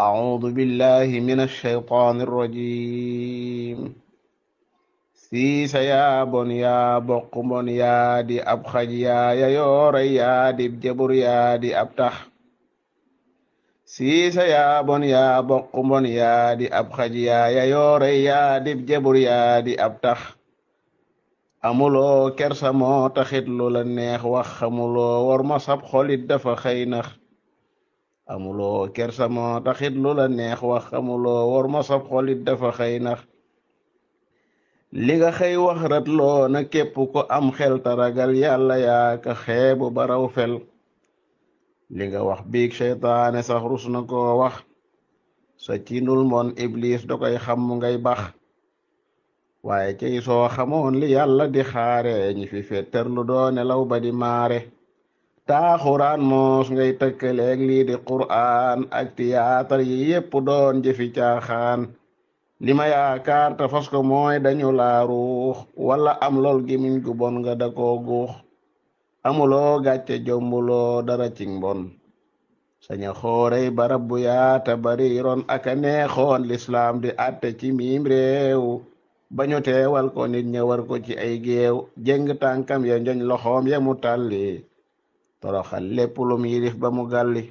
أعوذ بالله من الشيطان الرجيم siisa yaa bon yaa bokk mbon yaa ab xaj yaa ya yoore yaa ab tax siisa yaa bon yaa bokk mbon di ab xaj yaa ya yoore yaa di ab tax amuloo kersa moo taxit neex wax xamuloo war sab xolit dafa xëy amuloo kersa moo taxit lu neex wax amuloo war ma sab xolit dafa xëy nax li nga xëy wax rat loo na képp ko am xel taragal yàlla yaa ka xeebu baraw fel li nga wax biig seytaane sax rus na koo wax sa ciinul moon iblis da koy xam ngay bax waaye cey soo xamoon li yàlla di xaare ñi fi fetterlu doone law ba di maare taaxuraan moos ngay tëkkaleeg lii di quraan ak tiyaatar yi yépp doon jëfi caaxaan li ma yaakaar te fas ko mooy dañu laaruux walla am lool gimiñ gu bon nga da koo guux amuloo gàcce jombuloo dara ci bon saña xoorey barab bu yaata bari ron aka neexoon lislaam di àtte ci miim réew bañu teewal ko nit ña war ko ci ay géew jéng tànkam ya njoñ loxoom ya tàlli toroxal lépp lum yilif ba mu gàlli